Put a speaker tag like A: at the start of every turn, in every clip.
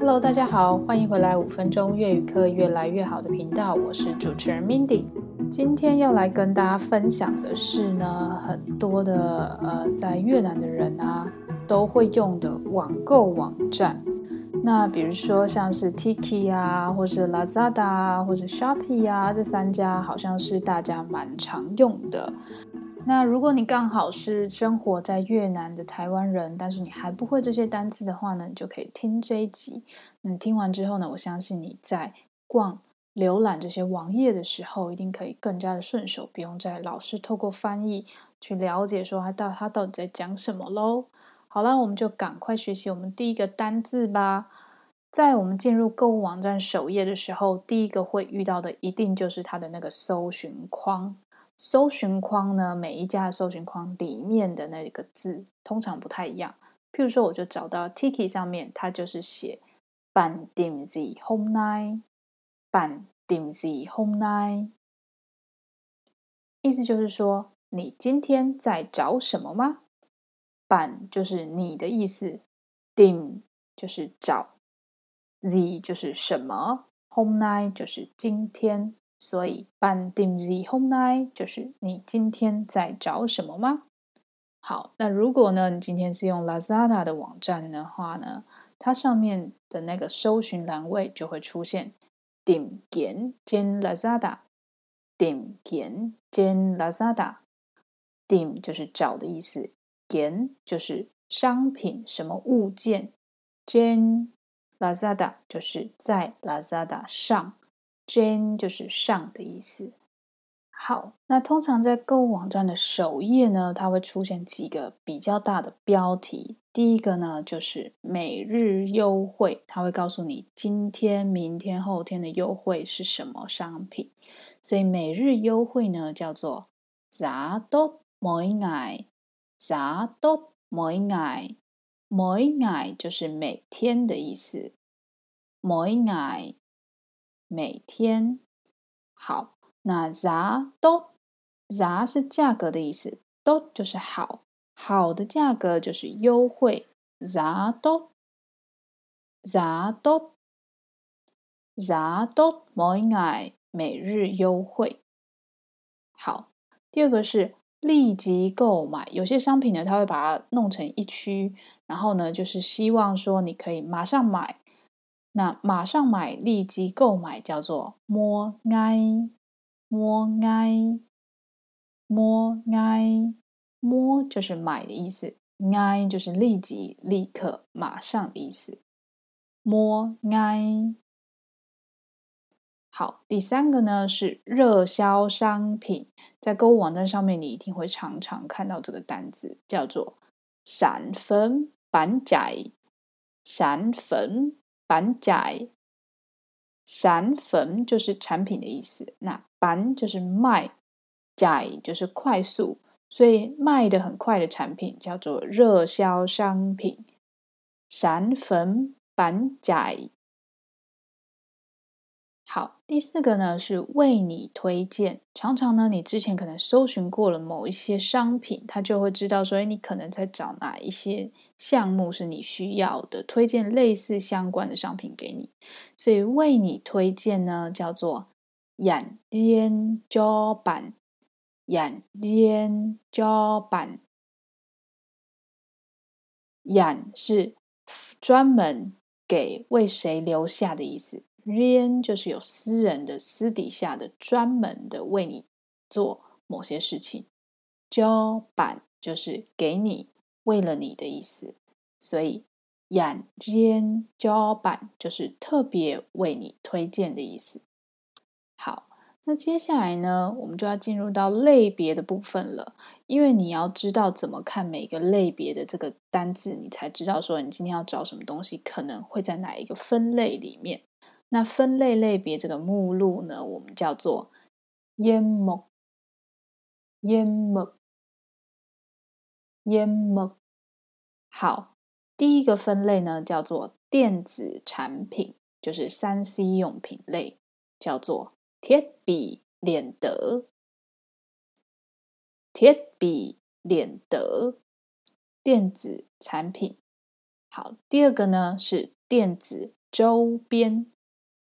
A: Hello，大家好，歡迎回來《五分鐘越語課》越來越好的頻道，我是主持人 Mindy。今天要來跟大家分享的是呢，很多的呃，在越南的人啊，都會用的網購網站。那比如說像是 Tiki 啊，或是 Lazada，或是 Shopee 呀、啊，這三家好像是大家蠻常用的。那如果你剛好是生活在越南的台灣人，但是你還不會這些單字的話呢，你就可以聽這一集。那你聽完之後呢，我相信你在逛、瀏覽這些網頁的時候，一定可以更加的順手，不用再老是透過翻譯去了解說他到他到底在講什麼嘍。好了，我們就趕快學習我們第一個單字吧。在我們進入購物網站首頁的時候，第一個會遇到的一定就是它的那個搜尋框。搜尋框呢，每一家搜尋框裡面的那個字通常不太一樣。譬如說，我就找到 Tiki 上面，它就是寫 Bạn tìm gì hôm
B: nay，Bạn tìm gì hôm nay。意思就是說，你今天在找什麼嗎？Bạn 就是你
A: 的意思，“tìm” 就是找，“gì” 就是什麼，“hôm nay” 就是今天。所以 bạn tìm gì hôm nay 就是你今天在找什麼嗎好那如果呢你今天是用 Lazada 的網站的話呢它上面的那個搜尋欄位就會出現 tìm kiếm trên Lazada tìm kiếm trên Lazada tìm 就是找的意思 kiếm 就是商品什麼物件 trên Lazada 就是在 Lazada 上 trên 就是上的意思。好，那通常在購物網站的首頁呢，它會出現幾個比較大的標題。第一個呢，就是每日優惠，它會告訴你今天、明天、後天的優惠是什麼商品。所以每日優惠呢，叫做 giá tốt mỗi ngày，giá tốt mỗi ngày，mỗi
B: ngày 就是每天的意思，mỗi ngày。 每天。好，那 giá
A: tốt，giá
B: 是價格的意思，tốt 就是好，好的價格就是優惠 giá tốt giá tốt giá tốt，mỗi ngày 每日優惠。好，
A: 第二個是立即購買，有些商品呢，它會把它弄成一區，然後呢，就是希望說你可以馬上買。那馬上買，立即購買，叫做“摸挨摸挨摸挨，摸就是買的意思，挨就是立即、立刻、馬上的意思。摸挨。好，第三個呢是熱銷商品，在購物網站上面，你一定會常常看到這個單字，叫做閃粉板“閃粉板仔”，閃粉。板仔散粉，就是產品的意思，那板就是賣，仔就是快速，所以賣的很快的產品叫做熱銷商品。散粉板仔。好，第四個呢是為你推薦。常常呢，你之前可能搜尋過了某一些商品，他就會知道，所以你可能在找哪一些項目是你需要的，推薦類似相關的商品給你。所以為你
B: 推薦呢，叫做 “dành riêng cho bạn”，“dành riêng cho bạn”，“dành” 是專門給為誰留下的意思。
A: riêng 就是有私人的、私底下的、專門的為你做某些事情。cho bạn 就是給你，為了你的意思，所以 dành riêng cho bạn 就是特別為你推薦的意思。好，那接下來呢，我們就要進入到類別的部分了，因為你要知道怎麼看每個類別的這個單字，你才知道說你今天要找什麼東西可能會在哪一個分類裡面。那分
B: 類類別這個目錄呢，我們叫做“淹沒、淹沒、淹沒”。好，第一個分類呢叫做電子產品，就是三 C 用品類，叫做“鐵筆練得、鐵筆練得”，電子產品。好，第二個呢是電子周邊。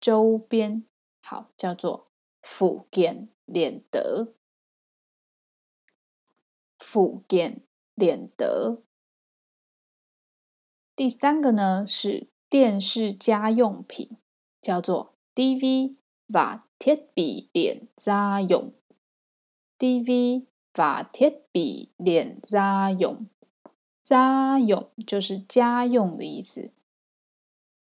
B: 周邊好，叫做“福建連德”，福建連德。第三個呢是電視家用品，叫做
A: “D V 瓦鐵比電家用 ”，D V 瓦鐵比電家用，家用，用就是家用的意思。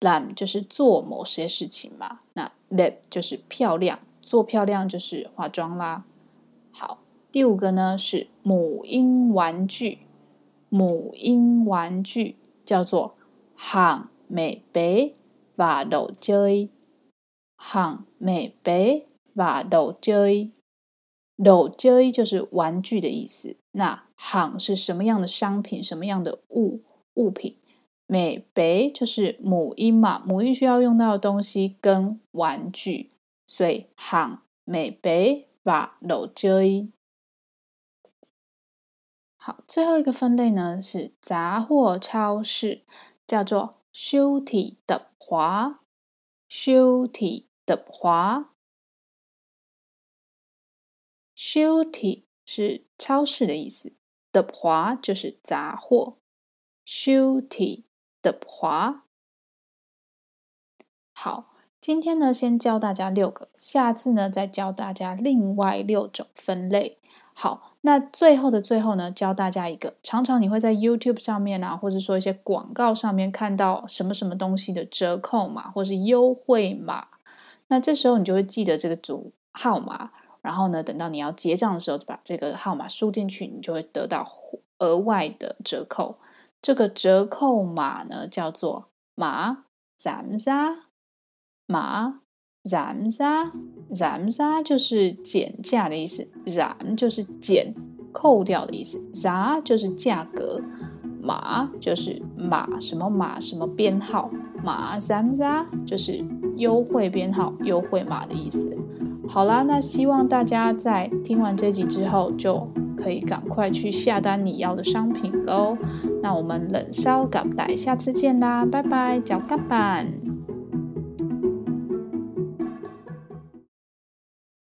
A: 懶就是做某些事情嘛，那 lip 就是漂亮，做漂亮就是化妝啦。好，第五個呢是母嬰玩具，母嬰玩具叫做 hong mei bei ba dou jiu，hong mei bei ba dou jiu，dou jiu 就是玩具的意思。那 hong 是什麼樣的商品，什麼樣的物物品？美貝就是母嬰嘛，母嬰需要用到的東西跟玩具，所以喊美貝吧，露追。好，最後一個分類呢是雜貨超市，叫做
B: 休體德華，休體德華，休體是超市的意思，德華就是雜貨，休體。好，今天呢，先教大家六個，
A: 下次呢，再教大家另外六種分類。好，那最後的最後呢，教大家一個。常常你會在 YouTube 上面啊，或者說一些廣告上面看到什麼什麼東西的折扣碼，或是優惠碼。那這時候你就會記得這個組號碼，然後呢，等到你要結賬的時候，就把這個號碼輸進去，你就會得到額外的折扣。這個折扣碼呢，叫做“碼 zamza”，“ 碼 zamza zamza” 就是減價的意思，“zam” 就是減、扣掉的意思，“za” 就是價格，“碼就是碼什麼碼什麼編號，“碼 zamza” 就是優惠編號、優惠碼的意思。好啦，那希望大家在聽完這集之後就。可以趕快去下單你要的商品嘍！那我們冷燒，趕帶下次見啦，
B: 拜拜，腳乾板。